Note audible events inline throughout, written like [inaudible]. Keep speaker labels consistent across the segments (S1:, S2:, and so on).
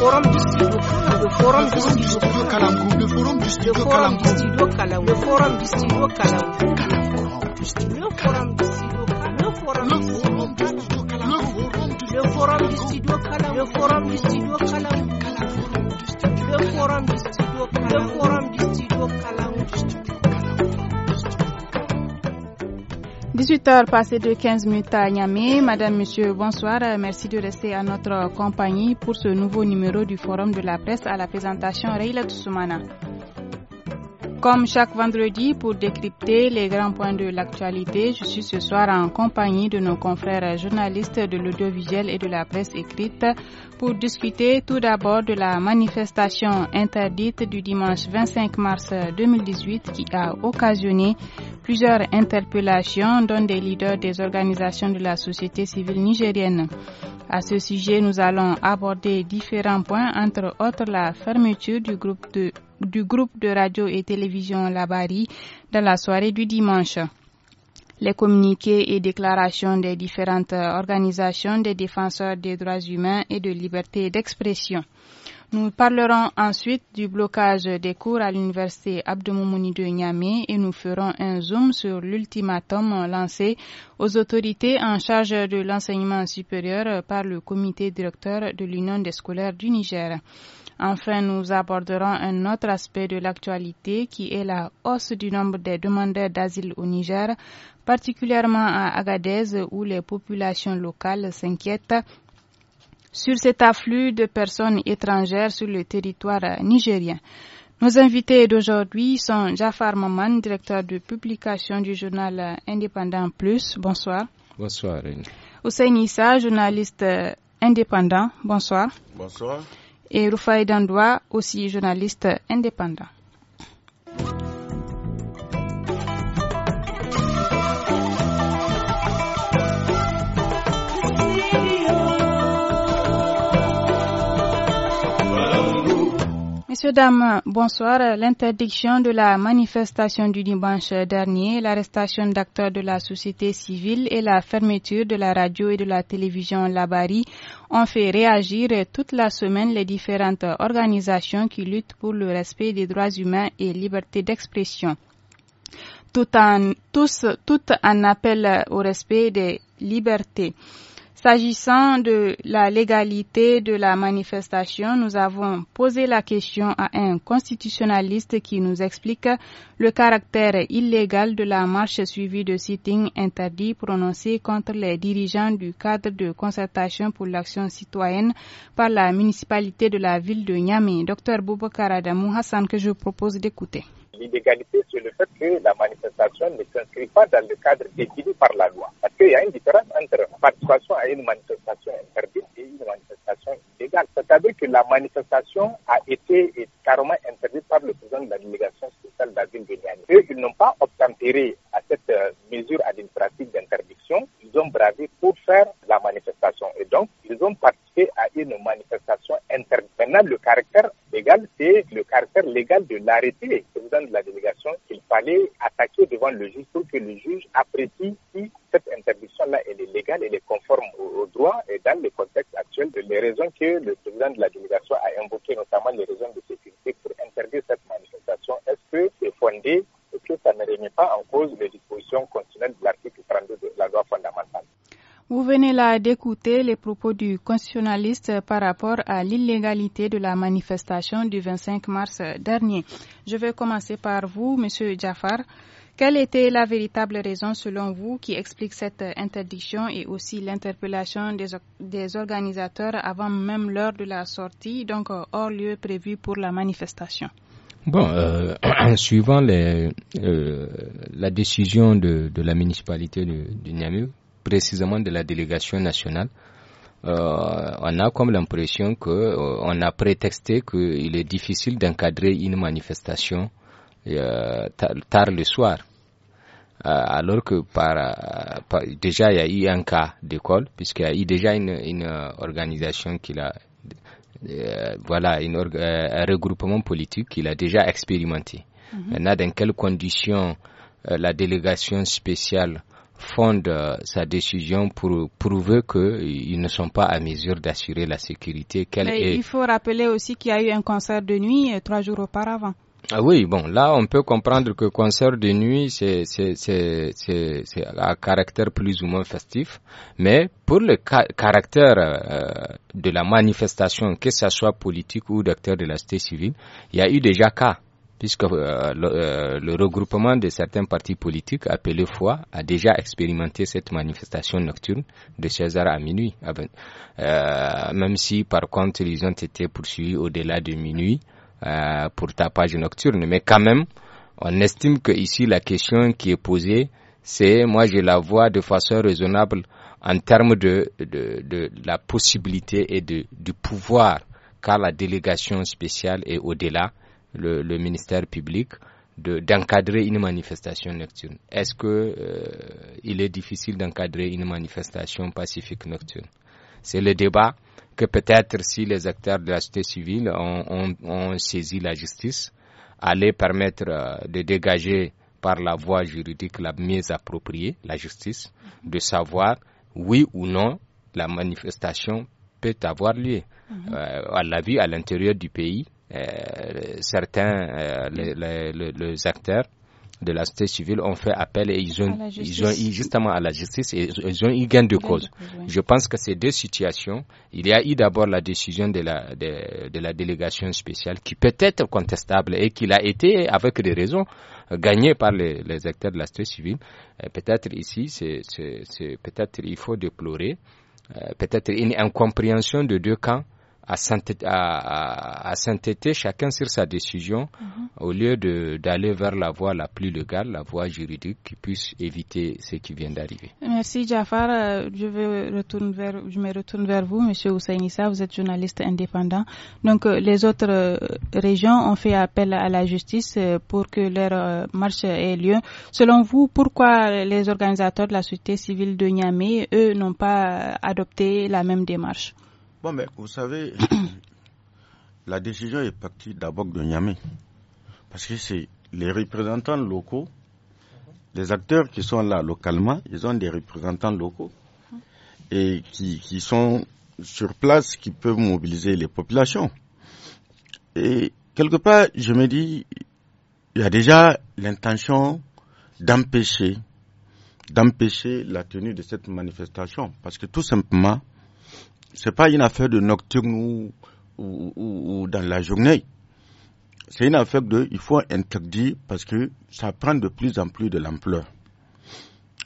S1: forum district le forum district le kalam forum district le kalam forum district le kalam forum district le kalam forum district le kalam forum district le kalam forum district le kalam forum district le
S2: kalam forum
S3: 18h passé de 15 minutes à Niamey. Madame, Monsieur, bonsoir. Merci de rester à notre compagnie pour ce nouveau numéro du Forum de la presse à la présentation Reila Toussoumana. Comme chaque vendredi, pour décrypter les grands points de l'actualité, je suis ce soir en compagnie de nos confrères journalistes de l'audiovisuel et de la presse écrite pour discuter tout d'abord de la manifestation interdite du dimanche 25 mars 2018 qui a occasionné plusieurs interpellations dont des leaders des organisations de la société civile nigérienne. À ce sujet, nous allons aborder différents points, entre autres la fermeture du groupe de, du groupe de radio et télévision Labari dans la soirée du dimanche. Les communiqués et déclarations des différentes organisations des défenseurs des droits humains et de liberté d'expression. Nous parlerons ensuite du blocage des cours à l'université Abdoumouni de Niamey et nous ferons un zoom sur l'ultimatum lancé aux autorités en charge de l'enseignement supérieur par le comité directeur de l'Union des scolaires du Niger. Enfin, nous aborderons un autre aspect de l'actualité qui est la hausse du nombre des demandeurs d'asile au Niger particulièrement à Agadez où les populations locales s'inquiètent sur cet afflux de personnes étrangères sur le territoire nigérien. Nos invités d'aujourd'hui sont Jafar Maman, directeur de publication du journal Indépendant Plus. Bonsoir. Bonsoir. Hussein journaliste indépendant. Bonsoir. Bonsoir. Et Rufai Dandoua, aussi journaliste indépendant. Messieurs, dames, bonsoir. L'interdiction de la manifestation du dimanche dernier, l'arrestation d'acteurs de la société civile et la fermeture de la radio et de la télévision Labari ont fait réagir toute la semaine les différentes organisations qui luttent pour le respect des droits humains et liberté d'expression. Tout en, tous, tout en appel au respect des libertés. S'agissant de la légalité de la manifestation, nous avons posé la question à un constitutionnaliste qui nous explique le caractère illégal de la marche suivie de sitting interdit prononcé contre les dirigeants du cadre de concertation pour l'action citoyenne par la municipalité de la ville de Niamey. Docteur Boubacar Adamou Hassan que je propose d'écouter.
S1: L'illégalité, c'est le fait que la manifestation ne s'inscrit pas dans le cadre défini par la loi. Parce qu'il y a une différence entre participation à une manifestation interdite et une manifestation illégale. C'est-à-dire que la manifestation a été carrément interdite par le président de la délégation spéciale d'Azine de Eux, ils n'ont pas obtempéré à cette euh, mesure administrative d'interdiction. Ils ont bravé pour faire la manifestation. Et donc, ils ont participé à une manifestation interdite. Maintenant, le caractère légal, c'est le caractère légal de l'arrêté président de la délégation qu'il fallait attaquer devant le juge pour que le juge apprécie si cette interdiction-là, est légale, elle est conforme au, droit et dans le contexte actuel, les raisons que le président de la délégation a invoquées, notamment les raisons de sécurité pour interdire cette manifestation, est-ce que c'est fondé et que ça ne remet pas en cause les dispositions continuelles de
S4: l'article
S3: vous venez là d'écouter les propos du constitutionnaliste par rapport à l'illégalité de la manifestation du 25 mars dernier. Je vais commencer par vous, Monsieur Jaffar. Quelle était la véritable raison, selon vous, qui explique cette interdiction et aussi l'interpellation des, des, organisateurs avant même l'heure de la sortie, donc euh, hors lieu prévu pour la manifestation
S1: Bon, euh, [clears throat] suivant les, euh, la décision de, la municipalité de, de Niamey, précisément de la délégation nationale, euh, on a comme l'impression que euh, on a prétexté qu'il est difficile d'encadrer une manifestation euh, tard, le soir. Euh, alors que par, déjà il y a eu un cas d'école, puisqu'il y a eu déjà une, une organisation qui l'a voilà, un regroupement politique qu'il a déjà expérimenté. Mhm. Maintenant, dans quelles conditions la délégation spéciale fonde euh, sa décision pour prouver qu'ils ne sont pas à mesure d'assurer la sécurité qu'elle Il
S3: faut rappeler aussi qu'il y a eu un concert de nuit euh, trois jours auparavant.
S1: Ah oui, bon, là, on peut comprendre que concert de nuit, c'est, c'est, à caractère plus ou moins festif. Mais pour le caractère euh, de la manifestation, que ce soit politique ou d'acteur de la société civile, il y a eu déjà cas puisque euh, euh, le, regroupement de certains partis politiques appelés foi a déjà expérimenté cette manifestation nocturne de 16h à minuit. Ah ben, euh, même si par contre ils ont été poursuivis au-delà de minuit pour tapage nocturne, mais quand même, on estime que ici la question qui est posée, c'est moi je la vois de façon raisonnable en termes de, de, de la possibilité et de, du pouvoir car la délégation spéciale est au-delà le, le ministère public d'encadrer une manifestation nocturne. Est-ce que euh, il est difficile d'encadrer une manifestation pacifique nocturne C'est le débat que peut-être si les acteurs de la société civile ont, ont, saisi la justice, allait permettre euh, de dégager par la voie juridique la mise appropriée, la justice, de savoir oui ou non la manifestation peut avoir lieu. Mhm. Euh, à la vie à l'intérieur du pays, euh, certains euh, les, acteurs de la société civile ont fait appel et ils ont, ils ont justement à la justice et ils ont eu gain de cause. Je pense que ces deux situations, il y a eu d'abord la décision de la, de, la délégation spéciale qui peut être contestable et qui a été, avec des raisons, gagnée par les, acteurs de la société civile. Euh, peut-être ici, c'est peut-être il faut déplorer peut-être une incompréhension de deux camps à synthéter chacun sur sa décision mhm. au lieu d'aller vers la voie la plus légale, la voie juridique qui puisse éviter ce qui vient d'arriver.
S3: Merci Jafar. Euh, je, vers, je me retourne vers vous, Monsieur Oussainissa. Vous êtes journaliste indépendant. Donc euh, les autres euh, régions ont fait appel à la justice pour que leur marche ait lieu. Selon vous, pourquoi les organisateurs de la société civile de Niamey, eux, n'ont pas adopté la même démarche Bon,
S4: mais vous savez, [coughs] la décision est partie d'abord de Niamey. Parce que c'est les représentants locaux, les acteurs qui sont là localement, ils ont des représentants locaux hein? et qui, qui sont sur place, qui peuvent mobiliser les populations. Et quelque part, je me dis, il y a déjà l'intention d'empêcher, d'empêcher la tenue de cette manifestation. Parce que tout simplement, n'est pas une affaire de nocturne ou, dans la journée. C'est une affaire de, il faut interdire parce que ça prend de plus en plus de l'ampleur.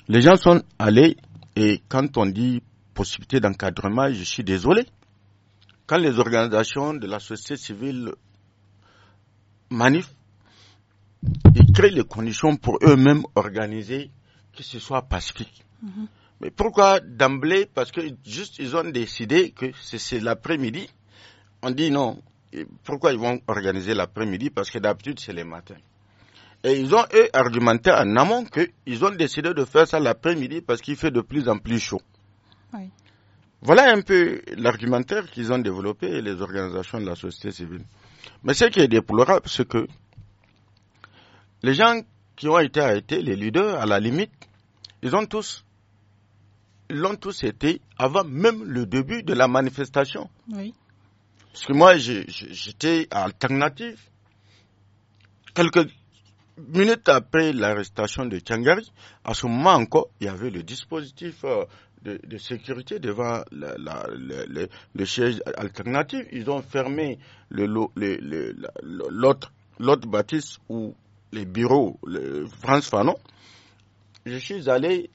S4: Les gens sont allés et quand on dit possibilité d'encadrement, je suis désolé. Quand les organisations de la société civile manifestent, ils créent les conditions pour eux-mêmes organiser, que ce soit pacifique. Mm-hmm. Mais pourquoi d'emblée Parce que juste ils ont décidé que c'est l'après-midi. On dit non. pourquoi ils vont organiser l'après-midi Parce que d'habitude c'est le matin. Et ils ont eux argumenté en amont qu'ils ont décidé de faire ça l'après-midi parce qu'il fait de plus en plus chaud. Voilà un peu l'argumentaire qu'ils ont développé les organisations de la société civile. Mais ce qui est déplorable, c'est que les gens qui ont été arrêtés, les leaders, à la limite, ils ont tous l'ont tous été avant même le début de la manifestation. Oui. Parce que moi, j'étais alternatif. Quelques minutes après l'arrestation de Tchangari, à ce moment encore, il y avait le dispositif euh, de, sécurité devant le, siège alternatif. Ils ont fermé l'autre le, bâtisse ou les bureaux, France Fanon. Je suis allé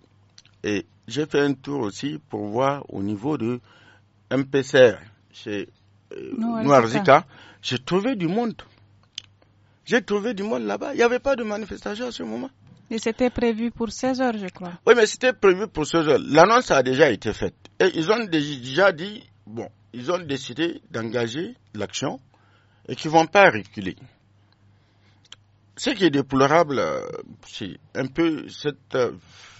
S4: et j'ai fait un tour aussi pour voir au niveau de MPCR chez euh, J'ai trouvé du monde. J'ai trouvé du monde là-bas. Il n'y avait pas de manifestation à ce moment. Et c'était prévu pour 16 heures, je crois. Oui, mais c'était prévu pour 16 heures. L'annonce a déjà été faite. Et ils ont déjà dit, bon, ils ont décidé d'engager l'action et qu'ils ne vont pas reculer. Ce qui est déplorable, euh, c'est un peu cette euh,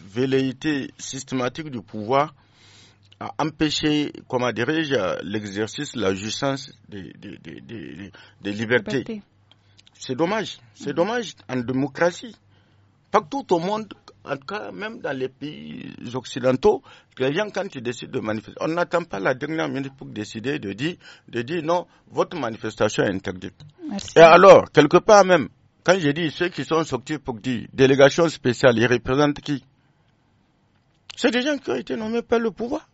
S4: velléité systématique du pouvoir à empêcher, comment dirais-je, l'exercice, la jouissance des, des, des, libertés. C'est dommage. C'est dommage en démocratie. Pas tout au monde, en tout cas, même dans les pays occidentaux, les gens, quand ils décident de manifester, on n'attend pas la dernière minute pour décider de dire, de dire non, votre manifestation est interdite. Et alors, quelque part même, quand je dis ceux qui sont sortis pour dire délégation spéciale, ils représentent qui C'est des gens qui ont été nommés par le pouvoir.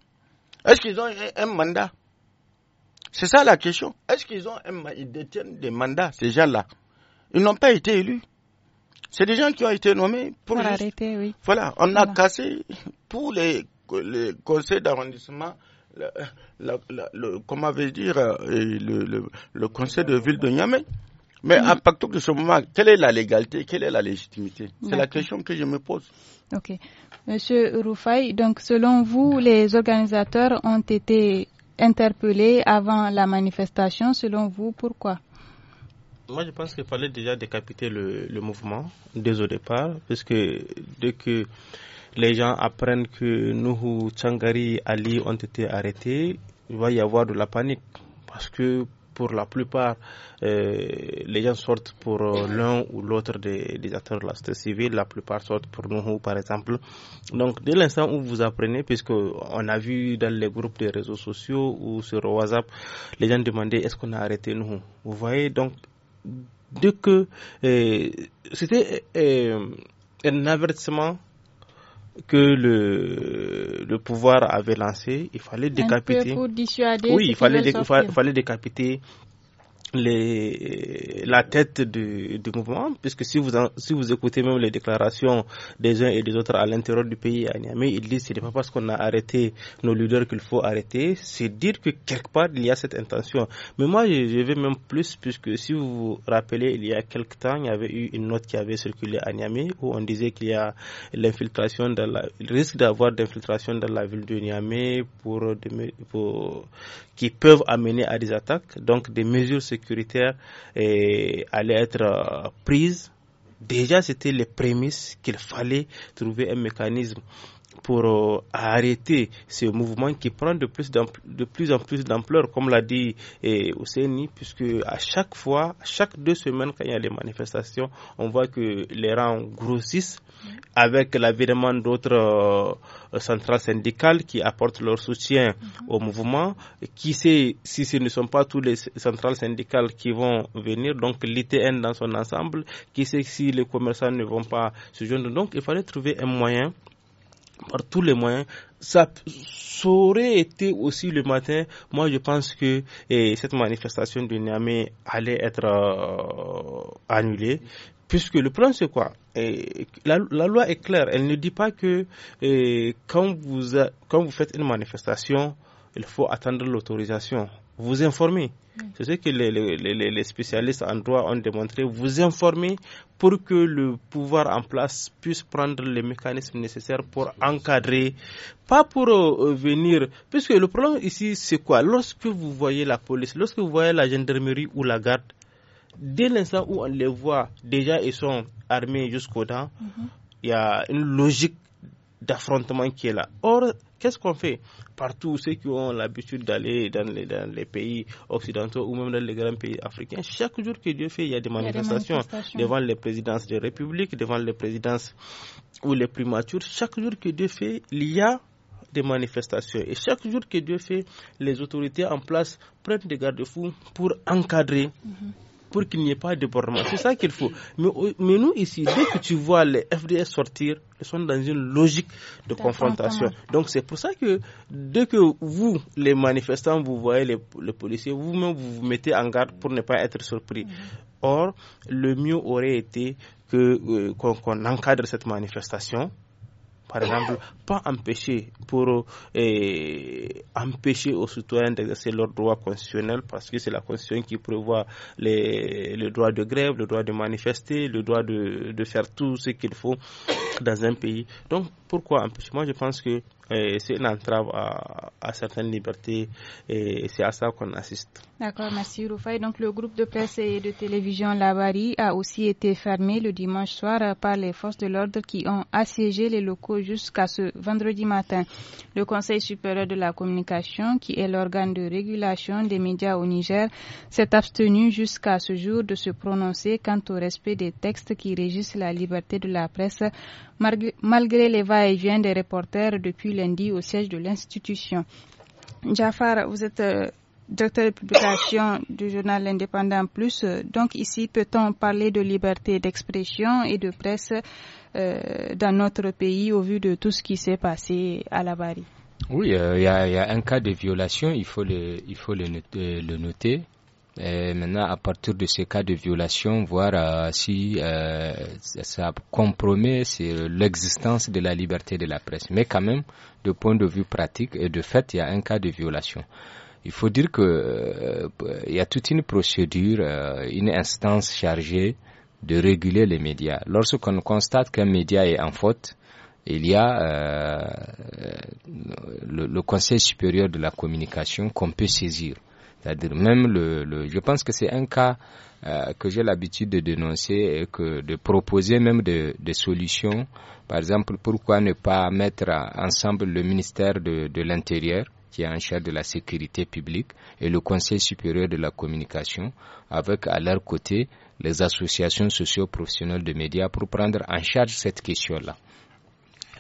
S4: Est-ce qu'ils ont un mandat C'est ça la question. Est-ce qu'ils ont un, ils détiennent des mandats, ces gens-là Ils n'ont pas été élus. C'est des gens qui ont été nommés pour, pour arrêter, oui. Voilà, on a cassé tous les, conseils d'arrondissement. Le, comment vais-je dire, euh, le, le, conseil de ville de Niamey. Mais mm-hmm. à partir de ce moment, quelle est la légalité, quelle est la légitimité C'est la question que je me pose.
S3: Ok. Monsieur Roufaï, donc selon vous, les organisateurs ont été interpellés avant la manifestation. Selon vous, pourquoi
S2: Moi, je pense qu'il fallait déjà décapiter le, le, mouvement dès au départ, parce que dès que les gens apprennent que Nuhu, Changari, Ali ont été arrêtés, il va y avoir de la panique. Parce que pour la plupart, euh, les gens sortent pour euh, l'un ou l'autre des, acteurs de la société civile, la plupart sortent pour nous, par exemple. Donc, dès l'instant où vous apprenez, puisque on a vu dans les groupes des réseaux sociaux ou sur WhatsApp, les gens demandaient est-ce qu'on a arrêté nous. Vous voyez, donc, dès que euh, c'était un avertissement que le, le pouvoir avait lancé, il fallait décapiter. oui, il fallait, fallait décapiter les, la tête du, du, mouvement, puisque si vous, si vous écoutez même les déclarations des uns et des autres à l'intérieur du pays, à Niamey, ils disent que ce n'est pas parce qu'on a arrêté nos leaders qu'il faut arrêter, c'est dire que quelque part il y a cette intention. Mais moi, je, je, vais même plus, puisque si vous vous rappelez, il y a quelque temps, il y avait eu une note qui avait circulé à Niamey où on disait qu'il y a l'infiltration dans la, risque d'avoir d'infiltration dans la ville de Niamey pour, pour qui peuvent amener à des attaques. Donc des mesures sécuritaires eh, allaient être euh, prises. Déjà, c'était les prémices qu'il fallait trouver un mécanisme pour euh, arrêter ce mouvement qui prend de plus, en plus d'ampleur, comme l'a dit eh, puisque à chaque fois, chaque deux semaines, quand il y a des manifestations, on voit que les rangs grossissent avec l'avènement d'autres euh, centrales syndicales qui apportent leur soutien mhm. au mouvement. Qui sait si ce ne sont pas tous les centrales syndicales qui vont venir, donc l'ITN dans son ensemble, qui sait si les commerçants ne vont pas se joindre. Donc il fallait trouver un moyen par tous les moyens. Ça, aurait été aussi le matin. Moi, je pense que eh, cette manifestation de Niamey allait être euh, annulée. Puisque le problème, c'est quoi eh, la, loi est claire. Elle ne dit pas que eh, quand vous faites une manifestation, il faut attendre l'autorisation vous informer. C'est ce que les, les, les, spécialistes en droit ont démontré. Vous informer pour que le pouvoir en place puisse prendre les mécanismes nécessaires pour encadrer, pas pour euh, euh, venir. Puisque le problème ici, c'est quoi Lorsque vous voyez la police, lorsque vous voyez la gendarmerie ou la garde, dès l'instant où on les voit, déjà ils sont armés jusqu'au dents, mhm. il y a une logique d'affrontement qui est là. Or, qu'est-ce qu'on fait Partout, ceux qui ont l'habitude d'aller dans les, pays occidentaux ou même dans les grands pays africains, chaque jour que Dieu fait, il y a des, manifestations, devant les présidences des républiques, devant les présidences ou les primatures. Chaque jour que Dieu fait, il y a des manifestations. Et chaque jour que Dieu fait, les autorités en place prennent des garde-fous pour encadrer. Mhm pour qu'il n'y ait pas de débordement. C'est ça qu'il faut. Mais, nous, ici, dès que tu vois les FDS sortir, ils sont dans une logique de confrontation. Donc, c'est pour ça que dès que vous, les manifestants, vous voyez les, policiers, vous-même, vous vous mettez en garde pour ne pas être surpris. Mhm. Or, le mieux aurait été euh, qu'on encadre cette manifestation par exemple, pas empêcher pour eh, empêcher aux citoyens d'exercer leurs droits constitutionnels parce que c'est la constitution qui prévoit le droit de grève, le droit de manifester, le droit de, de faire tout ce qu'il faut dans un pays. Donc, pourquoi empêcher Moi, je pense que c'est une entrave à, certaines libertés et c'est à ça qu'on assiste.
S3: D'accord, merci Rufai. Donc le groupe de presse et de télévision Labari a aussi été fermé le dimanche soir par les forces de l'ordre qui ont assiégé les locaux jusqu'à ce vendredi matin. Le Conseil supérieur de la communication, qui est l'organe de régulation des médias au Niger, s'est abstenu jusqu'à ce jour de se prononcer quant au respect des textes qui régissent la liberté de la presse malgré les va-et-vient des reporters depuis lundi au siège de l'institution. Jafar, vous êtes euh, directeur de publication du journal Indépendant Plus. Donc ici, peut-on parler de liberté d'expression et de presse euh, dans notre pays au vu de tout ce qui s'est passé à la Bari
S1: Oui, euh, il y, a un cas de violation, il faut le, il faut le noter. Et maintenant, à partir de ces cas de violation, voir euh, si euh, ça compromet l'existence de la liberté de la presse. Mais quand même, de point de vue pratique et de fait, il y a un cas de violation. Il faut dire que euh, il y a toute une procédure, une instance chargée de réguler les médias. Lorsqu'on constate qu'un média est en faute, il y a le Conseil supérieur de la communication qu'on peut saisir c'est-à-dire même le, je pense que c'est un cas euh, que j'ai l'habitude de dénoncer et que de proposer même des solutions. Par exemple, pourquoi ne pas mettre ensemble le ministère de, de l'Intérieur qui est en charge de la sécurité publique et le Conseil supérieur de la communication avec à leur côté les associations socioprofessionnelles de médias pour prendre en charge cette question-là.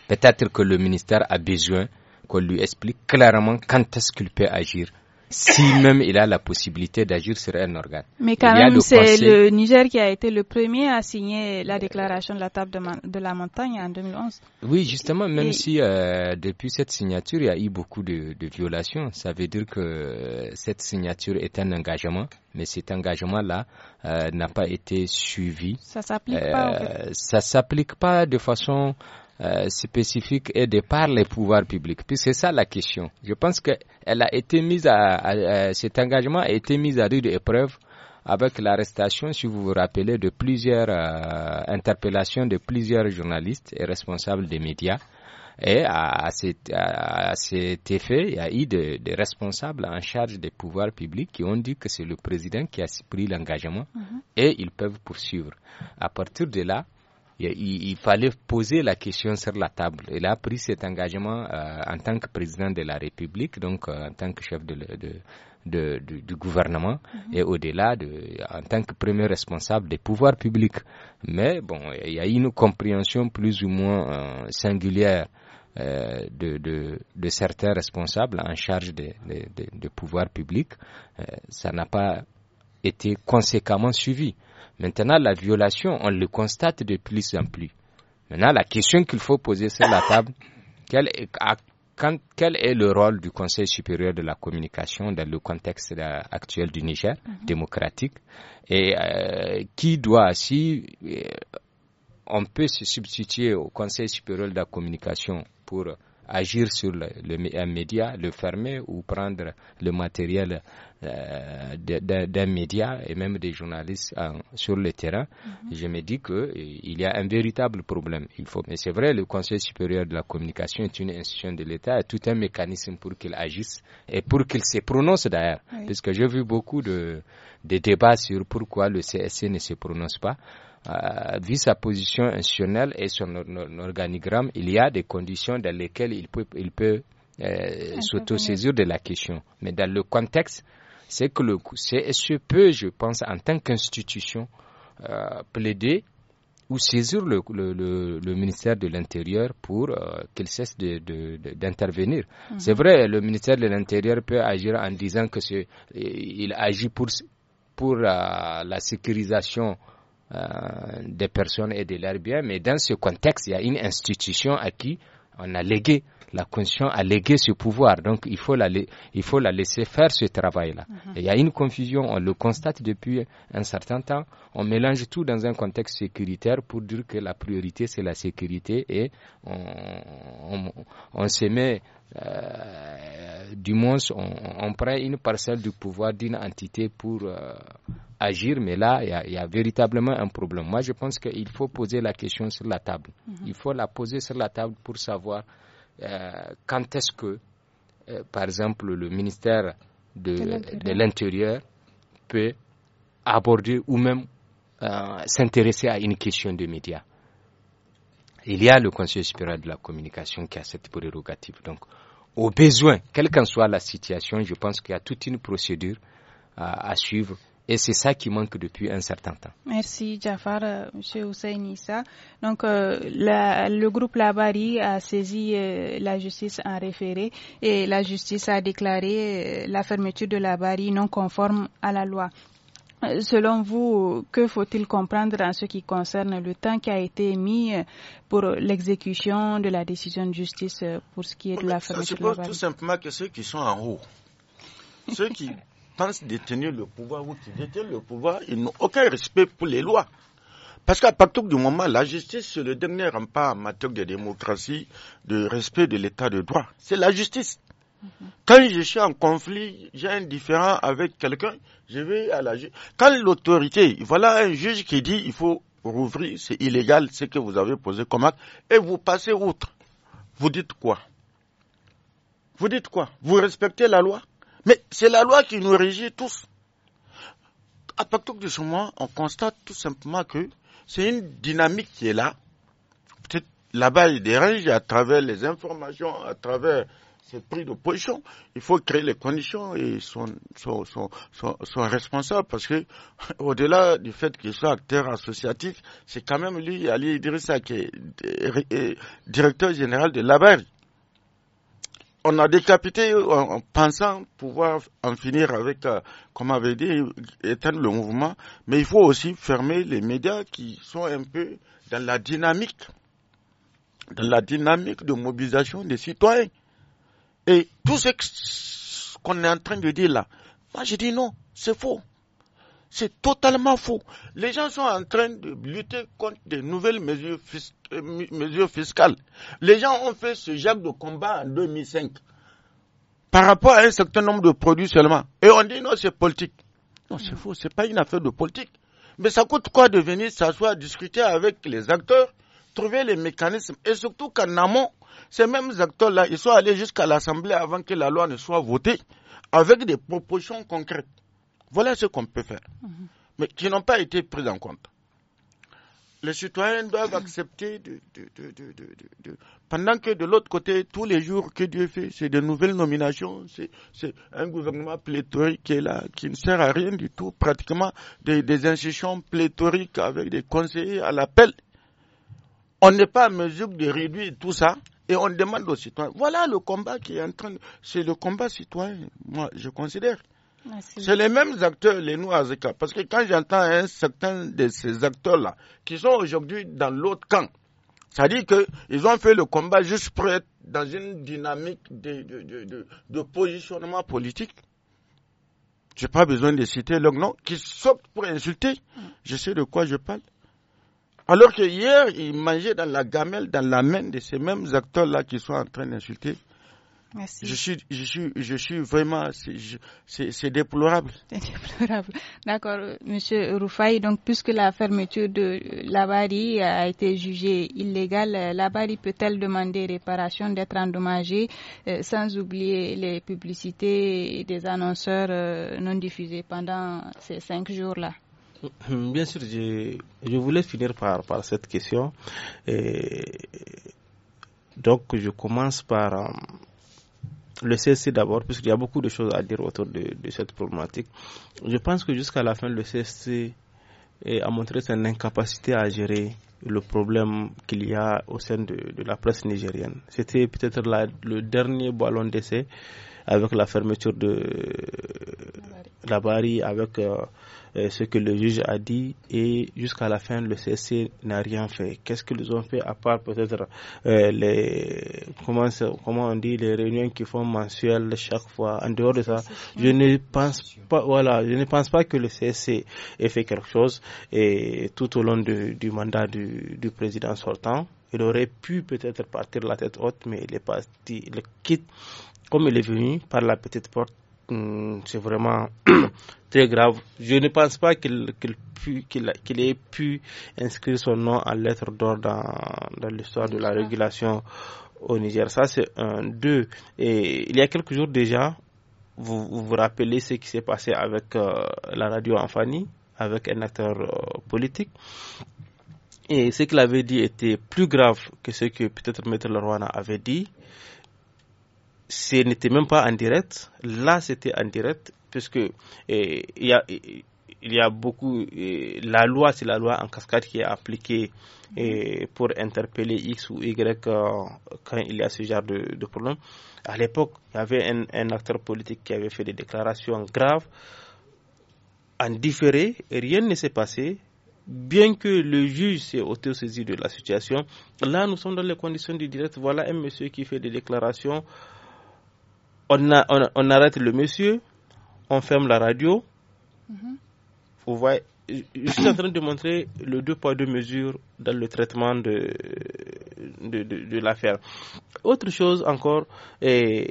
S1: Peut-être que le ministère a besoin qu'on lui explique clairement quand est-ce qu'il peut agir si même il a la possibilité d'agir sur un organe.
S3: Mais quand même, c'est le Niger qui a été le premier à signer la déclaration de la table de, la montagne en 2011.
S1: Oui, justement, même si euh, depuis cette signature, il y a eu beaucoup de, violations, ça veut dire que euh, cette signature est un engagement mais cet engagement-là euh, n'a pas été suivi.
S3: Ça s'applique pas.
S1: Ça s'applique pas de façon euh, spécifique et de par les pouvoirs publics Puis c'est ça la question. Je pense que a été mise à, cet engagement a été mis à rude épreuve avec l'arrestation, si vous vous rappelez, de plusieurs euh, interpellations de plusieurs journalistes et responsables des médias. Et à, cet, effet, il y a eu des, responsables en charge des pouvoirs publics qui ont dit que c'est le président qui a pris l'engagement mhm. et ils peuvent poursuivre. À partir de là, il, fallait poser la question sur la table. Il a pris cet engagement euh, en tant que président de la République, donc euh, en tant que chef de, de, de, du, gouvernement mhm. et au-delà en tant que premier responsable des pouvoirs publics. Mais bon, il y a une compréhension plus ou moins euh, singulière de, de, de, certains responsables en charge des de, pouvoirs publics. ça n'a pas été conséquemment suivi. Maintenant, la violation, on le constate de plus en plus. Maintenant, la question qu'il faut poser sur la table, quel est, le rôle du Conseil supérieur de la communication dans le contexte euh, actuel du Niger mhm. démocratique et euh, qui doit, si euh, on peut se substituer au Conseil supérieur de la communication pour agir sur le, un média, le fermer ou prendre le matériel euh, d'un média et même des journalistes sur le terrain, mm-hmm. je me dis qu'il eh, y a un véritable problème. Il faut, mais c'est vrai, le Conseil supérieur de la communication est une institution de l'État, tout un mécanisme pour qu'il agisse et pour qu'il se prononce d'ailleurs. Parce que j'ai vu beaucoup de, de débats sur pourquoi le CSC ne se prononce pas euh, vu sa position institutionnelle et son, organigramme, il y a des conditions dans lesquelles il peut, il peut euh, s'autosaisir de la question. Mais dans le contexte, c'est que le CSE peut, je pense, en tant qu'institution, euh, plaider ou saisir le, ministère de l'Intérieur pour euh, qu'il cesse d'intervenir. De, de, mhm. C'est vrai, le ministère de l'Intérieur peut agir en disant que il agit pour, pour la sécurisation euh, des personnes et de leurs biens. Mais dans ce contexte, il y a une institution à qui on a légué, la Constitution a légué ce pouvoir. Donc il faut la, il faut la laisser faire ce travail-là. Mhm. Il y a une confusion, on le constate depuis un certain temps. On mélange tout dans un contexte sécuritaire pour dire que la priorité c'est la sécurité et on, on, on se met euh, du moins, on, prend une parcelle du pouvoir d'une entité pour euh, agir, mais là, il y, a véritablement un problème. Moi, je pense qu'il faut poser la question sur la table. Mhm. Il faut la poser sur la table pour savoir euh, quand est-ce que, par exemple, le ministère de, de l'Intérieur peut aborder ou même s'intéresser à une question de médias il y a le Conseil supérieur de la communication qui a cette prérogative. Donc, au besoin, quelle qu'en soit la situation, je pense qu'il y a toute une procédure euh, à, suivre. Et c'est ça qui manque depuis un certain temps.
S3: Merci, Jafar, euh, M. Hussein Issa. Donc, euh, le groupe Labari a saisi la justice en référé et la justice a déclaré la fermeture de Labari non conforme à la loi. Selon vous, que faut-il comprendre en ce qui concerne le temps qui a été mis euh, pour l'exécution de la décision de justice euh, pour ce qui est de la fermeture Je suppose tout
S4: simplement que ceux qui sont en haut, ceux qui [laughs] pensent détenir le pouvoir ou qui détiennent le pouvoir, ils n'ont aucun respect pour les lois. Parce qu'à partir du moment, la justice, c'est le dernier rempart en matière de démocratie, de respect de l'état de droit. C'est la justice. Quand je suis en conflit, j'ai un différent avec quelqu'un, je vais à la juge. Quand l'autorité, voilà un juge qui dit il faut rouvrir, c'est illégal ce que vous avez posé comme acte, et vous passez outre. Vous dites quoi Vous dites quoi Vous respectez la loi Mais c'est la loi qui nous régit tous. À partir de ce moment, on constate tout simplement que c'est une dynamique qui est là. Peut-être là-bas, il dérange à travers les informations, à travers c'est pris de position. Il faut créer les conditions et sont, sont, responsables parce que [laughs] au-delà du fait qu'il soit acteur associatif, c'est quand même lui, Ali Idrissa, qui est, euh, euh, directeur général de l'Aber. On a décapité en, en, pensant pouvoir en finir avec, euh, comme avait dit, éteindre le mouvement, mais il faut aussi fermer les médias qui sont un peu dans la dynamique, dans la dynamique de mobilisation des citoyens et tout ce qu'on est en train de dire là, moi je dis non, c'est faux. C'est totalement faux. Les gens sont en train de lutter contre des nouvelles euh, mesures, fiscales. Les gens ont fait ce genre de combat en 2005 par rapport à un certain nombre de produits seulement. Et on dit non, c'est politique. Non, c'est faux, n'est pas une affaire de politique. Mais ça coûte quoi de venir s'asseoir, discuter avec les acteurs, trouver les mécanismes et surtout qu'en amont, ces mêmes acteurs-là, ils sont allés jusqu'à l'Assemblée avant que la loi ne soit votée, avec des propositions concrètes. Voilà ce qu'on peut faire, mhm. mais qui n'ont pas été prises en compte. Les citoyens doivent accepter de, pendant que de l'autre côté, tous les jours que Dieu fait, c'est de nouvelles nominations, c'est un gouvernement pléthorique qui est là, qui ne sert à rien du tout, pratiquement des, des institutions pléthoriques avec des conseillers à l'appel. On n'est pas en mesure de réduire tout ça et on demande aux citoyens. Voilà le combat qui est en train. C'est le combat citoyen, moi, je considère. Ah, c'est les mêmes acteurs, les Nouazika. Parce que quand j'entends certains de ces acteurs-là, qui sont aujourd'hui dans l'autre camp, ça dit dire qu'ils ont fait le combat juste pour être dans une dynamique de, de, de, de positionnement politique. Je n'ai pas besoin de citer leur nom, qui sortent pour insulter. Mm. Je sais de quoi je parle. Alors que hier, ils mangeaient dans la gamelle, dans la main de ces mêmes acteurs-là qui sont en train d'insulter. Je suis, je suis, je suis vraiment, c'est déplorable.
S3: [laughs] C'est déplorable. D'accord, Monsieur Roufaï. Donc, puisque la fermeture de la barille a été jugée illégale, la barille peut-elle demander réparation d'être endommagée, euh, sans oublier les publicités des annonceurs euh, non diffusés pendant ces cinq jours-là?
S2: [coughs] Bien sûr, je, voulais finir par, par cette question. Et donc, je commence par euh, le CSC d'abord, puisqu'il y a beaucoup de choses à dire autour de, de cette problématique. Je pense que jusqu'à la fin, le CSC a montré son incapacité à gérer le problème qu'il y a au sein de, de la presse nigérienne. C'était peut-être le dernier ballon d'essai avec la fermeture de la Bari, avec euh, euh, ce que le juge a dit et jusqu'à la fin le CC n'a rien fait. Qu'est-ce qu'ils ont fait à part peut-être euh, les comment, comment on dit les réunions qui font mensuelles chaque fois. En dehors de ça, je ne pense pas voilà, je ne pense pas que le CC ait fait quelque chose et tout au long du mandat du, du président sortant. Il aurait pu peut-être partir la tête haute, mais il est parti, il quitte comme il est venu par la petite porte Mm, c'est vraiment [clears throat] très grave. Je ne pense pas qu'il ait pu inscrire son nom à lettre d'or dans, l'histoire de la régulation au Niger. Ça, c'est un. Deux, et il y a quelques jours déjà, vous vous, rappelez ce qui s'est passé avec euh, la radio Anfani, avec un acteur euh, politique. Et ce qu'il avait dit était plus grave que ce que peut-être Maître Leroy avait dit ce n'était même pas en direct. Là, c'était en direct, puisque eh, il, y a, beaucoup. Eh, la loi, c'est la loi en cascade qui est appliquée eh, pour interpeller X ou Y euh, quand il y a ce genre de, de problème. À l'époque, il y avait un, un, acteur politique qui avait fait des déclarations graves. En différé, rien ne s'est passé. Bien que le juge s'est auto-saisi de la situation, là nous sommes dans les conditions du direct. Voilà un monsieur qui fait des déclarations on, arrête le monsieur, on ferme la radio. Mm-hmm. Vous voyez, je suis en train de montrer le deux poids deux mesures dans le traitement de, de, l'affaire. Autre chose encore, il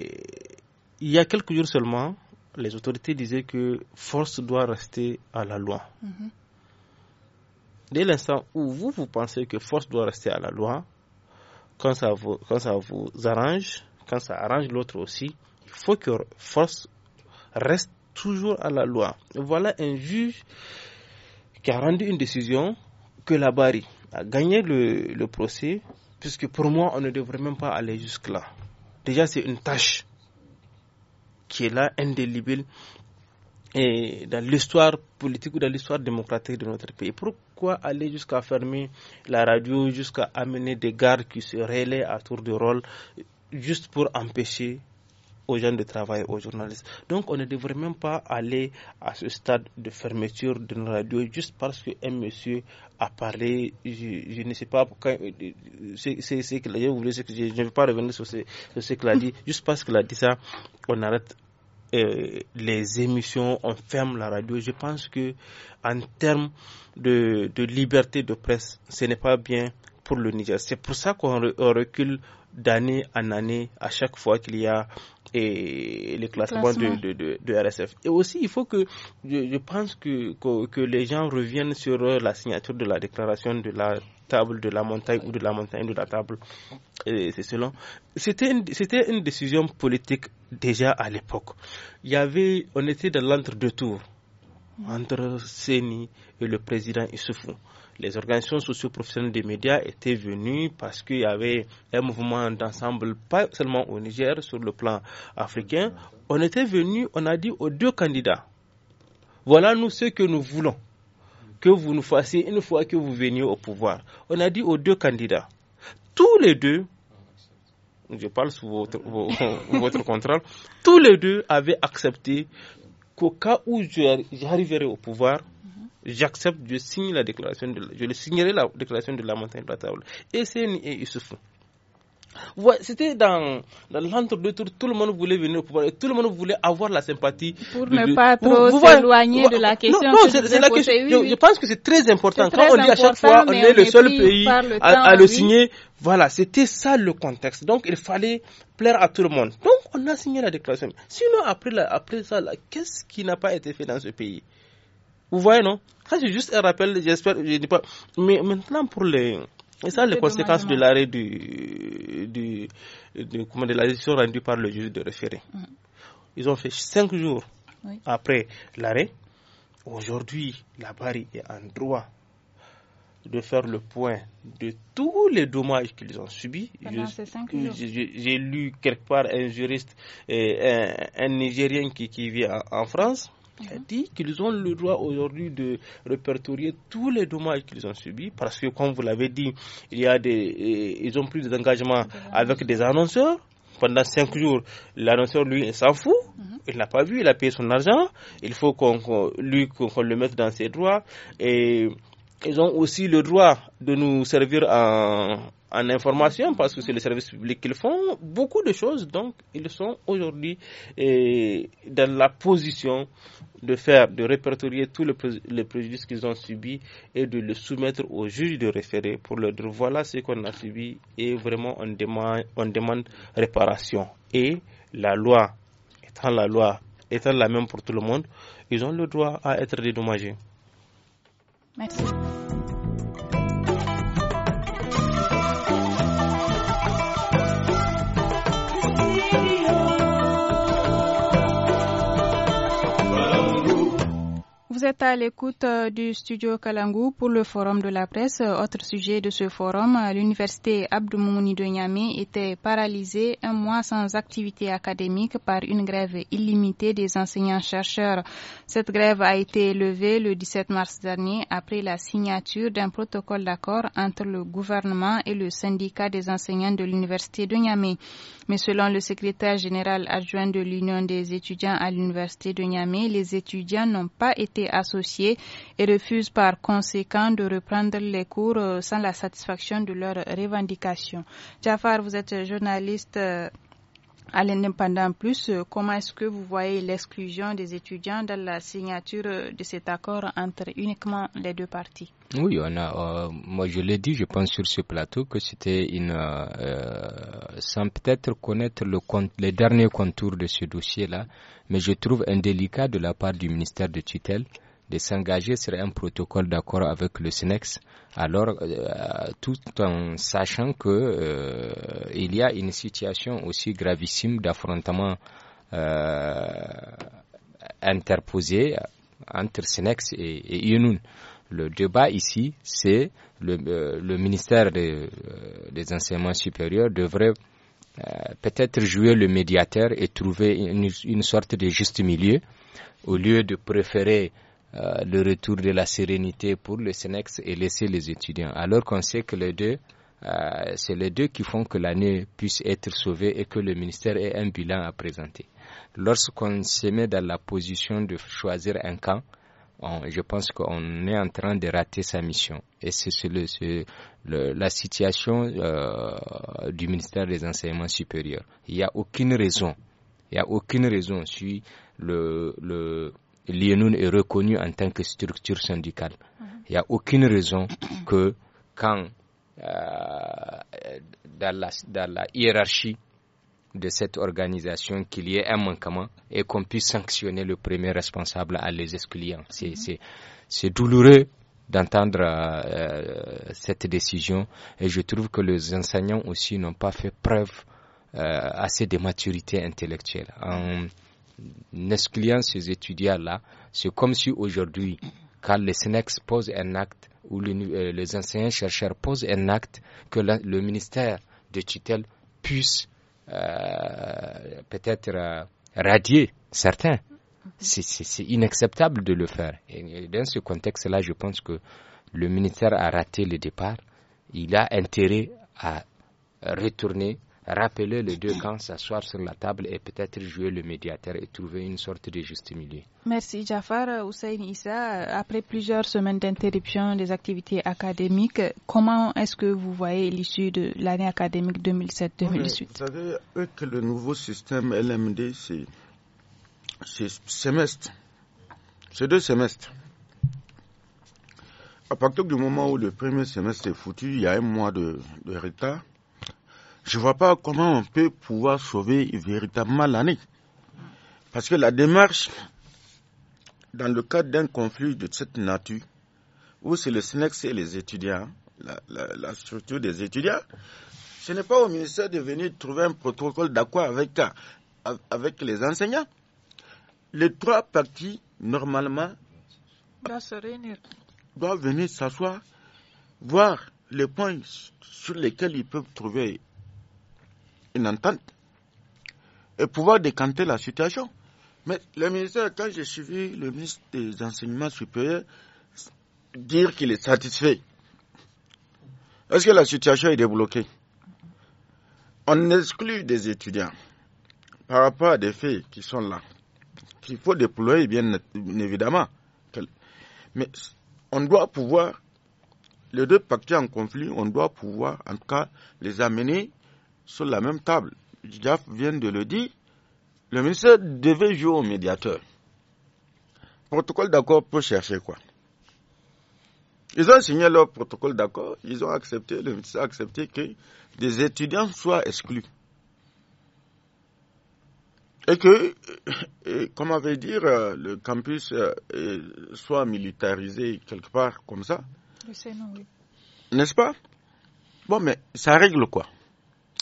S2: y a quelques jours seulement, les autorités disaient que force doit rester à la loi. Mm-hmm. Dès l'instant où vous, vous pensez que force doit rester à la loi, quand ça vous, quand ça vous arrange, quand ça arrange l'autre aussi, il faut que force reste toujours à la loi. Voilà un juge qui a rendu une décision que la Bari a gagné le, procès, puisque pour moi, on ne devrait même pas aller jusque-là. Déjà, c'est une tâche qui est là, indélébile, et dans l'histoire politique ou dans l'histoire démocratique de notre pays. Pourquoi aller jusqu'à fermer la radio, jusqu'à amener des gardes qui se relaient à tour de rôle, juste pour empêcher aux gens de travail, aux journalistes. Donc on ne devrait même pas aller à ce stade de fermeture d'une radio juste parce qu'un monsieur a parlé, je, ne sais pas, c'est euh, euh, ce qu'il a dit, je ne vais pas revenir sur ce, ce qu'il a dit, juste parce qu'il a dit ça, on arrête euh, les émissions, on ferme la radio. Je pense que en termes de, de liberté de presse, ce n'est pas bien pour le Niger. C'est pour ça qu'on recule d'année en année à chaque fois qu'il y a et les classements de, de, de, RSF. Et aussi, il faut que, je, je pense que, que, que, les gens reviennent sur euh, la signature de la déclaration de la table de la montagne ou de la montagne de la table. C'est selon. C'était une, c'était une décision politique déjà à l'époque. Il y avait, on était dans l'entre-deux tours entre CENI et le président Issoufou. Les organisations socioprofessionnelles des médias étaient venues parce qu'il y avait un mouvement d'ensemble, pas seulement au Niger, sur le plan africain. On était venus, on a dit aux deux candidats, voilà nous ce que nous voulons que vous nous fassiez une fois que vous veniez au pouvoir. On a dit aux deux candidats, tous les deux, je parle sous votre [laughs] contrôle, tous les deux avaient accepté qu'au cas où j'arriverai au pouvoir, mhm. j'accepte, je signe la déclaration, de, je le signerai la déclaration de la montagne de la table. Et c'est font. C'était dans, dans l'entre-deux-tours, tout le monde voulait venir au pouvoir et tout le monde voulait avoir la sympathie. Pour ne pas trop s'éloigner de la question. Je, pense que c'est très important. Quand on dit à chaque fois, on est le seul pays à, le signer. Voilà, c'était ça le contexte. Donc, il fallait plaire à tout le monde. Donc, on a signé la déclaration. Sinon, après, ça, qu'est-ce qui n'a pas été fait dans ce pays Vous voyez, non Ça, c'est juste un rappel, j'espère, je dis pas. Mais maintenant, pour les et ça, les conséquences de l'arrêt hein. du, du, de la gestion rendue par le juge de référé. Mm. Ils ont fait cinq jours après l'arrêt. Aujourd'hui, la Paris est en droit de faire le point de tous les dommages qu'ils ont subis. J'ai lu quelque part un juriste, un, Nigérien qui, vit en France, Mhm. Il a dit qu'ils ont le droit aujourd'hui de répertorier tous les dommages qu'ils ont subis parce que, comme vous l'avez dit, il y a des, eh, ils ont pris des engagements avec des annonceurs pendant cinq jours, l'annonceur, lui, il s'en fout. Mhm. Il n'a pas vu, il a payé son argent. Il faut qu'on, lui, le mette dans ses droits. Et ils ont aussi le droit de nous servir en, information parce que c'est le service public qu'ils font. Beaucoup de choses, donc, ils sont aujourd'hui eh, dans la position de faire, de répertorier tous les, préjudices qu'ils ont subis et de le soumettre au juge de référé pour leur dire voilà ce qu'on a subi et vraiment on demande, on demande réparation. Et la loi, étant la loi, étant la même pour tout le monde, ils ont le droit à être dédommagés.
S3: Merci. êtes à l'écoute euh, du studio Kalangou pour le forum de la presse. Euh, autre sujet de ce forum, euh, l'université Abdoumouni de Niamey était paralysée un mois sans activité académique par une grève illimitée des enseignants-chercheurs. Cette grève a été levée le 17 mars dernier après la signature d'un protocole d'accord entre le gouvernement et le syndicat des enseignants de l'université de Niamey. Mais selon le secrétaire général adjoint de l'Union des étudiants à l'université de Niamey, les étudiants n'ont pas été associés et refusent par conséquent de reprendre les cours euh, sans la satisfaction de leurs revendications. Jafar, vous êtes journaliste euh, à l'indépendant plus, euh, comment est-ce que vous voyez l'exclusion des étudiants dans la signature de cet accord entre uniquement les deux parties
S1: Oui, on a, moi je l'ai dit, je pense sur ce plateau que c'était une, sans peut-être connaître le, les derniers contours de ce dossier-là, mais je trouve indélicat de la part du ministère de tutelle de s'engager sur un protocole d'accord avec le SNEX, alors euh, tout en sachant que euh, il y a une situation aussi gravissime d'affrontement euh, interposé entre SNEX et, et Le débat ici, c'est le, le, ministère des enseignements supérieurs devrait peut-être jouer le médiateur et trouver une, une, sorte de juste milieu au lieu de préférer euh, le retour de la sérénité pour le SENEX et laisser les étudiants. Alors qu'on sait que les deux, euh, c'est les deux qui font que l'année puisse être sauvée et que le ministère ait un bilan à présenter. Lorsqu'on se met dans la position de choisir un camp, je pense qu'on est en train de rater sa mission. Et c'est la situation euh, du ministère des Enseignements supérieurs. Il n'y a aucune raison. Il n'y a aucune raison si le, le l'INUN est reconnue en tant que structure syndicale. Il n'y a aucune raison que quand euh, dans, la, hiérarchie de cette organisation qu'il y ait un manquement et qu'on puisse sanctionner le premier responsable à les excluant. Mhm. C'est douloureux d'entendre euh, cette décision et je trouve que les enseignants aussi n'ont pas fait preuve euh, assez de maturité intellectuelle n'excluant ces étudiants-là, c'est comme si aujourd'hui, quand les SNEX posent un acte ou les, euh, enseignants-chercheurs posent un acte, que le ministère de tutelle puisse euh, peut-être euh, radier certains. C'est inacceptable de le faire. et dans ce contexte-là, je pense que le ministère a raté le départ. Il a intérêt à retourner Rappelez les deux camps, s'asseoir sur la table et peut-être jouer le médiateur et trouver une sorte de juste milieu.
S3: Merci Jafar. Hussein Issa, après plusieurs semaines d'interruption des activités académiques, comment est-ce que vous voyez l'issue de l'année académique 2007-2018
S4: Vous savez, que le nouveau système LMD, c'est semestre. C'est deux semestres. À partir du moment où le premier semestre est foutu, il y a un mois de retard je ne vois pas comment on peut pouvoir sauver véritablement l'année. Parce que la démarche, dans le cadre d'un conflit de cette nature, où c'est le SNEX et les étudiants, la, structure des étudiants, ce n'est pas au ministère de venir trouver un protocole d'accord avec, avec les enseignants. Les trois parties, normalement, Doivent venir s'asseoir, voir les points sur lesquels ils peuvent trouver une entente et pouvoir décanter la situation. Mais le ministère, quand j'ai suivi le ministre des Enseignements supérieurs dire qu'il est satisfait, est-ce que la situation est débloquée On exclut des étudiants par rapport à des faits qui sont là, qu'il faut déployer bien évidemment. Mais on doit pouvoir, les deux parties en conflit, on doit pouvoir en tout cas les amener sur la même table. Jaff vient de le dire. Le ministère devait jouer au médiateur. Protocole d'accord pour chercher quoi Ils ont signé leur protocole d'accord, ils ont accepté, le ministère a accepté que des étudiants soient exclus. Et que, comment euh, comme on veut dire, euh, le campus euh, soit militarisé quelque part comme ça. N'est-ce pas Bon, mais ça règle quoi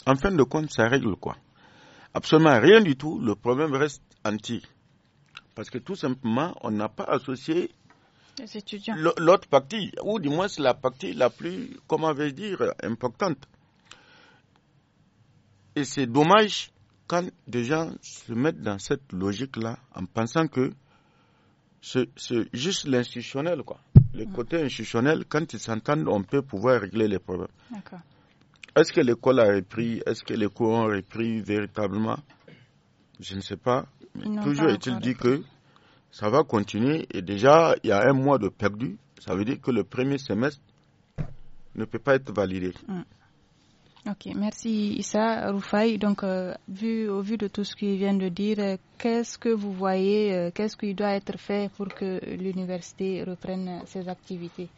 S4: en fin de compte, ça règle quoi Absolument rien du tout. Le problème reste anti. Parce que tout simplement, on n'a pas associé l'autre partie, ou du moins c'est la partie la plus, comment vais-je dire, importante. Et c'est dommage quand des gens se mettent dans cette logique-là en pensant que c'est juste l'institutionnel, quoi. Le mm. côté institutionnel, quand ils s'entendent, on peut pouvoir régler les problèmes. D'accord. Est-ce que l'école a repris Est-ce que les cours ont repris véritablement Je ne sais pas. toujours est-il dit que ça va continuer et déjà il y a un mois de perdu. Ça veut dire que le premier semestre ne peut pas être validé.
S3: Hmm. Ok, merci Issa Roufaï. Donc, euh, vu, au vu de tout ce qu'il vient de dire, euh, qu'est-ce que vous voyez, euh, qu'est-ce qui doit être fait pour que l'université reprenne ses activités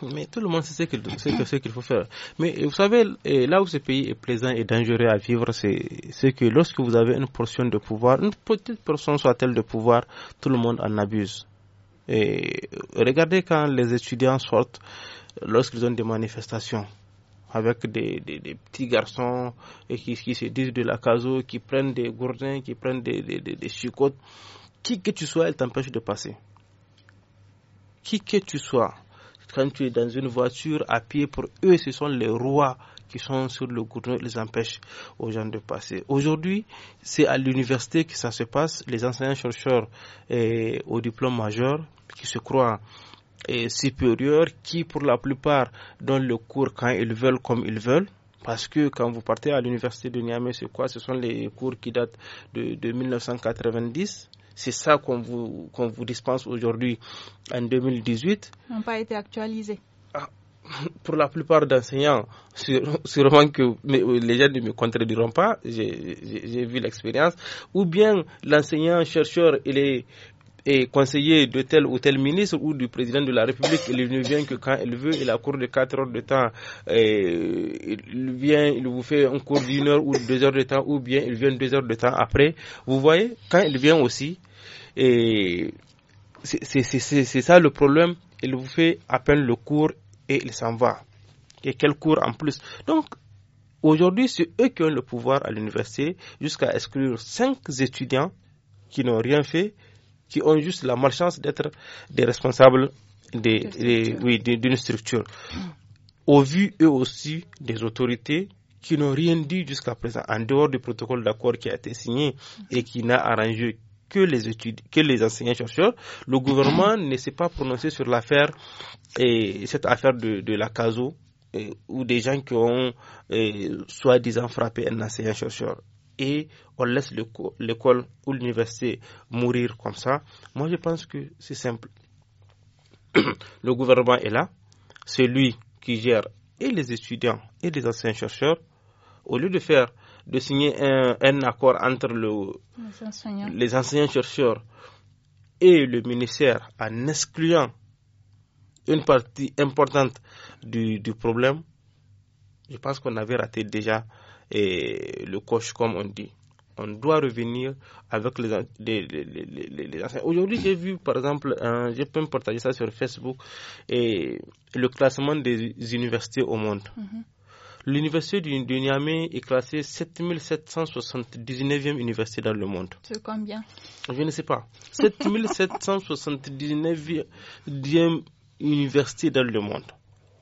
S2: mais tout le monde sait ce qu'il faut faire. Mais vous savez, là où ce pays est plaisant et dangereux à vivre, c'est que lorsque vous avez une portion de pouvoir, une petite portion soit-elle de pouvoir, tout le monde en abuse. Et regardez quand les étudiants sortent, lorsqu'ils ont des manifestations, avec des, petits garçons qui, se disent de la caso, qui prennent des gourdins, qui prennent des, des, Qui que tu sois, elle t'empêche de passer. Qui que tu sois quand tu es dans une voiture à pied, pour eux, ce sont les rois qui sont sur le goudron, les empêchent aux gens de passer. Aujourd'hui, c'est à l'université que ça se passe. Les enseignants-chercheurs au diplôme majeur qui se croient supérieurs, qui pour la plupart donnent le cours quand ils veulent, comme ils veulent. Parce que quand vous partez à l'université de Niamey, c'est quoi Ce sont les cours qui datent de, de 1990 c'est ça qu'on vous, qu'on vous dispense aujourd'hui en 2018.
S3: N'ont pas été actualisés. Ah,
S2: [laughs] pour la plupart d'enseignants, [laughs] sûrement que les gens ne me contrediront pas, j'ai vu l'expérience, ou bien l'enseignant-chercheur, il est, et conseiller de tel ou tel ministre ou du président de la République. Il ne vient que quand il veut il a cours de 4 heures de temps, il vient, il vous fait un cours d'une heure ou deux heures de temps ou bien il vient deux heures de temps après. Vous voyez, quand il vient aussi, et c'est ça le problème, il vous fait à peine le cours et il s'en va. Et quel cours en plus. Donc, aujourd'hui, c'est eux qui ont le pouvoir à l'université jusqu'à exclure cinq étudiants qui n'ont rien fait qui ont juste la malchance d'être des responsables d'une structure. structure. Au vu, eux aussi, des autorités qui n'ont rien dit jusqu'à présent, en dehors du protocole d'accord qui a été signé et qui n'a arrangé que les études, que les enseignants-chercheurs, le gouvernement ne s'est pas prononcé sur l'affaire, et cette affaire de, de la CASO, ou des gens qui ont soi-disant frappé un enseignant-chercheur et on laisse l'école ou l'université mourir comme ça. Moi, je pense que c'est simple. [clears throat] Le gouvernement est là, celui qui gère et les étudiants et les anciens chercheurs. Au lieu de faire, de signer un, accord entre les,
S3: enseignants.
S2: anciens chercheurs et le ministère en excluant une partie importante du problème, je pense qu'on avait raté déjà et le coach, comme on dit. On doit revenir avec les, les, Aujourd'hui, j'ai vu, par exemple, je peux me partager ça sur Facebook, et le classement des universités au monde. Mhm. L'université du Niamey est classée 7779e université dans le monde. C'est combien Je ne sais pas. 7779e université dans le monde.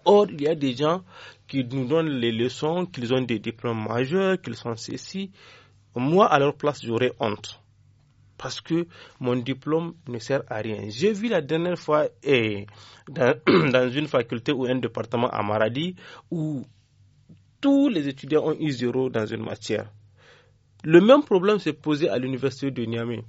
S2: Or, il y a des gens qui nous donnent les leçons, qu'ils ont des diplômes majeurs, qu'ils sont ceci. Moi, à leur place, j'aurais honte. Parce que mon diplôme ne sert à rien. J'ai vu la dernière fois eh, dans, [clears throat] dans, une faculté ou un département à Maradi où tous les étudiants ont eu zéro dans une matière. Le même problème s'est posé à l'université de Niamey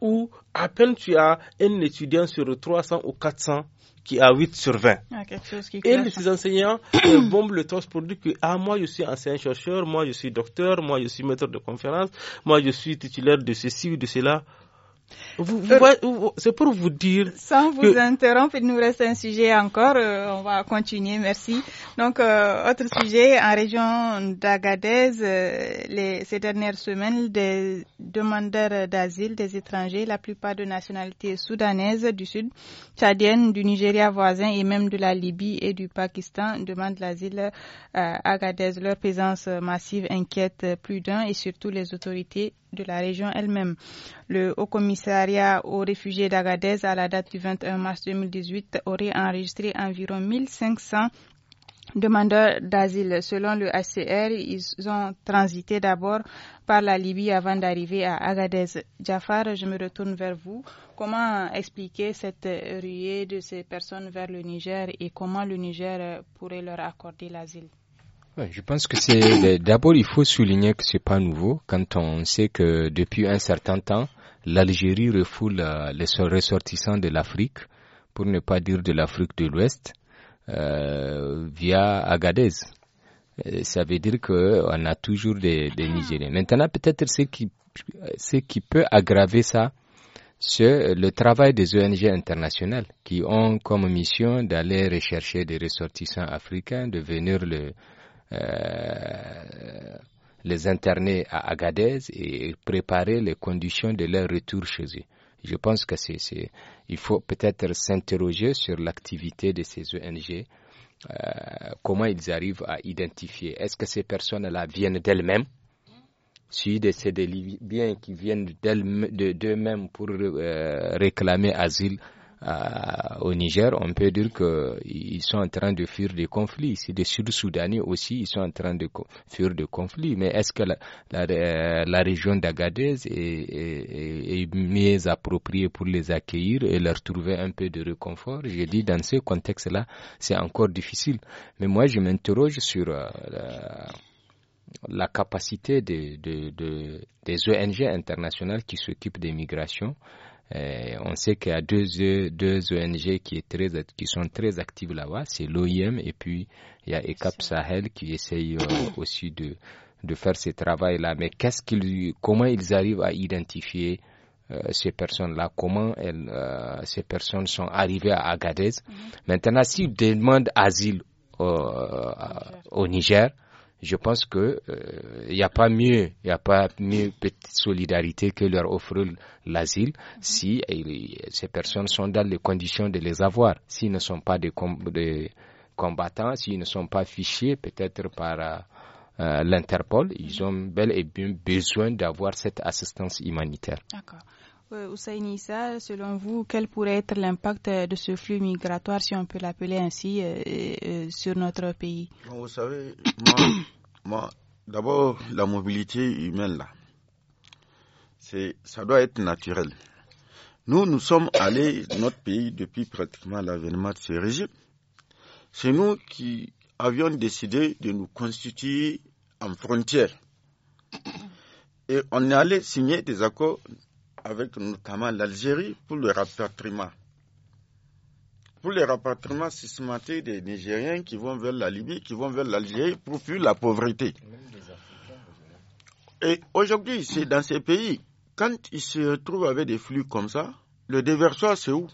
S2: où à peine tu as un étudiant sur 300 ou 400 qui a 8 sur 20. Ah, un chose qui et les hein. enseignants [clears throat] euh, bombent le torse pour dire que ah, moi je suis ancien chercheur, moi je suis docteur, moi je suis maître de conférence, moi je suis titulaire de ceci ou de cela.
S3: Euh, vous,
S2: c'est pour vous dire.
S3: Sans vous interrompre, il nous reste un sujet encore. Euh, on va continuer, merci. Donc, euh, autre sujet, en région d'Agadez, ces dernières semaines, des demandeurs d'asile, des étrangers, la plupart de nationalités soudanaises du Sud, tchadiennes, du Nigeria voisin et même de la Libye et du Pakistan demandent l'asile à Agadez. Leur présence massive inquiète plus d'un et surtout les autorités de la région elle-même. Le haut commissaire commissariat aux réfugiés d'Agadez à la date du 21 mars 2018 aurait enregistré environ 1500 demandeurs d'asile. Selon le HCR, ils ont transité d'abord par la Libye avant d'arriver à Agadez. Jafar, je me retourne vers vous. Comment expliquer cette ruée de ces personnes vers le Niger et comment le Niger pourrait leur accorder l'asile
S1: je pense que c'est [coughs] d'abord il faut souligner que c'est pas nouveau quand on sait que depuis un certain temps l'Algérie refoule euh, les ressortissants de l'Afrique, pour ne pas dire de l'Afrique de l'Ouest, euh, via Agadez. ça veut dire qu'on a toujours des, des Nigériens. Maintenant, peut-être ce qui, ce qui peut aggraver ça, c'est le travail des ONG internationales qui ont comme mission d'aller rechercher des ressortissants africains, de venir le, euh, les interner à Agadez et préparer les conditions de leur retour chez eux. Je pense que c'est, il faut peut-être s'interroger sur l'activité de ces ONG, euh, comment ils arrivent à identifier. Est-ce que ces personnes-là viennent d'elles-mêmes Si c'est des Libyens qui viennent d'eux-mêmes pour euh, réclamer asile, euh, au Niger, on peut dire qu'ils sont en train de fuir des conflits. C'est des Sud-Soudanais aussi, ils sont en train de fuir des conflits. Mais est-ce que la, euh, la, région d'Agadez est, est, est, mieux appropriée pour les accueillir et leur trouver un peu de réconfort J'ai dit dans ce contexte-là, c'est encore difficile. Mais moi, je m'interroge sur euh, la, la, capacité de, de, de, des ONG internationales qui s'occupent des migrations eh, on sait qu'il y a deux, e, deux ONG qui, est très, qui sont très actives là-bas, c'est l'OIM et puis il y a ECAP Sahel qui essaye euh, [coughs] aussi de, de faire ce travail-là. Mais qu'est-ce qu'ils, comment ils arrivent à identifier euh, ces personnes-là, comment elles, euh, ces personnes sont arrivées à Agadez. Mhm. Maintenant, s'ils demandent asile au Niger, je pense que euh, il n'y a pas mieux, il n'y a pas mieux petite solidarité que leur offrir l'asile si eh, ces personnes sont dans les conditions de les avoir, s'ils ne sont pas des, combattants, s'ils ne sont pas fichés peut-être par euh, euh, l'Interpol, ils ont bel et bien besoin d'avoir cette assistance humanitaire. D'accord.
S3: Hussein euh, selon vous, quel pourrait être l'impact euh, de ce flux migratoire, si on peut l'appeler ainsi, euh, sur notre pays
S4: Vous savez, [coughs] moi, d'abord, la mobilité humaine, là, ça doit être naturel. Nous, nous sommes allés, dans notre pays, depuis pratiquement l'avènement de ce régime. C'est nous qui avions décidé de nous constituer en frontière. Et on est allé signer des accords avec notamment l'Algérie pour le rapatriement. Pour le rapatriement systématique des Nigériens qui vont vers la Libye, qui vont vers l'Algérie pour fuir la pauvreté. Et aujourd'hui, c'est dans ces pays, quand ils se retrouvent avec des flux comme ça, le déversoir, c'est où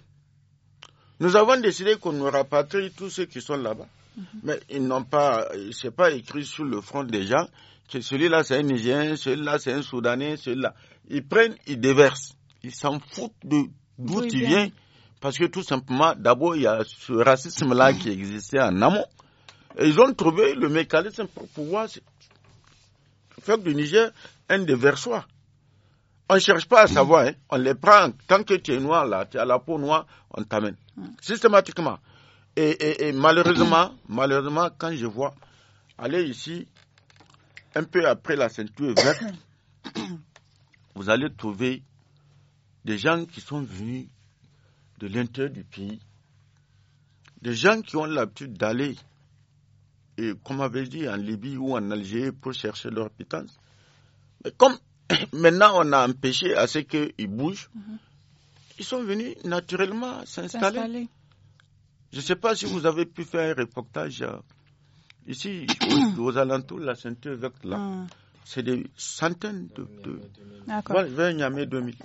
S4: Nous avons décidé qu'on nous rapatrie tous ceux qui sont là-bas. Mm-hmm. Mais ils n'ont pas, pas écrit sur le front des gens celui-là c'est un Nigérien, celui-là c'est un Soudanais, celui-là. Ils prennent, ils déversent. Ils s'en foutent de d'où tu viens. Parce que tout simplement, d'abord, il y a ce racisme-là [coughs] qui existait en amont. Et ils ont trouvé le mécanisme pour pouvoir faire du Niger un déversoir. On ne cherche pas à savoir, hein. on les prend. Tant que tu es noir, là, tu as la peau noire, on t'amène. Systématiquement. et malheureusement, malheureusement, quand je vois aller ici, un peu après la ceinture verte, [coughs] vous allez trouver des gens qui sont venus de l'intérieur du pays, des gens qui ont l'habitude d'aller, et comme avait dit, en Libye ou en Algérie pour chercher leur pitance. Mais comme [coughs] maintenant on a empêché à ce qu'ils bougent, mhm. ils sont venus naturellement s'installer. Je ne sais pas si vous avez pu faire un reportage euh, Ici, aux alentours, la ceinture là. Ah. C'est des centaines de.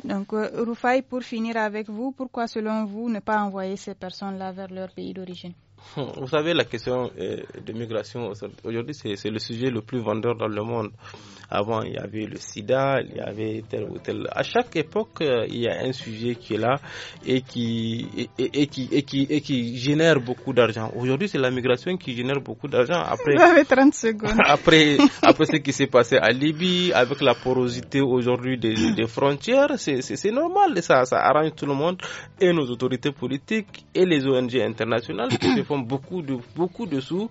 S3: Donc, euh, Rufai, pour finir avec vous, pourquoi selon vous ne pas envoyer ces personnes-là vers leur pays d'origine
S2: Hmm. Vous savez, la question euh, de migration aujourd'hui, c'est le sujet le plus vendeur dans le monde. Avant, il y avait le sida, il y avait tel ou tel. À chaque époque, euh, il y a un sujet qui est là et qui, et, qui, et qui, et qui génère beaucoup d'argent. Aujourd'hui, c'est la migration qui génère beaucoup d'argent. Après,
S3: [laughs]
S2: après, après ce qui s'est passé à Libye, avec la porosité aujourd'hui des, frontières, c'est normal. Ça, ça arrange tout le monde et nos autorités politiques et les ONG internationales beaucoup de, beaucoup de sous,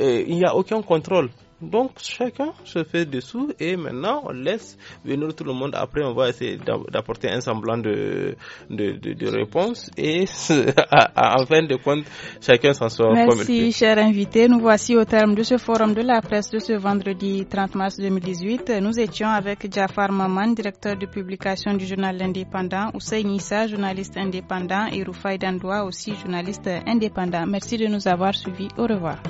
S2: il n'y a aucun contrôle. Donc chacun se fait dessous et maintenant on laisse venir tout le monde. Après on va essayer d'apporter un semblant de, réponse et afin [laughs] de compte chacun s'en sort. Merci
S3: cher invité. Nous voici au terme de ce forum de la presse de ce vendredi 30 mars 2018. Nous étions avec Jafar Maman, directeur de publication du journal indépendant, Oussein Issa, journaliste indépendant et Rufai Dandoua aussi journaliste indépendant. Merci de nous avoir suivis. Au revoir.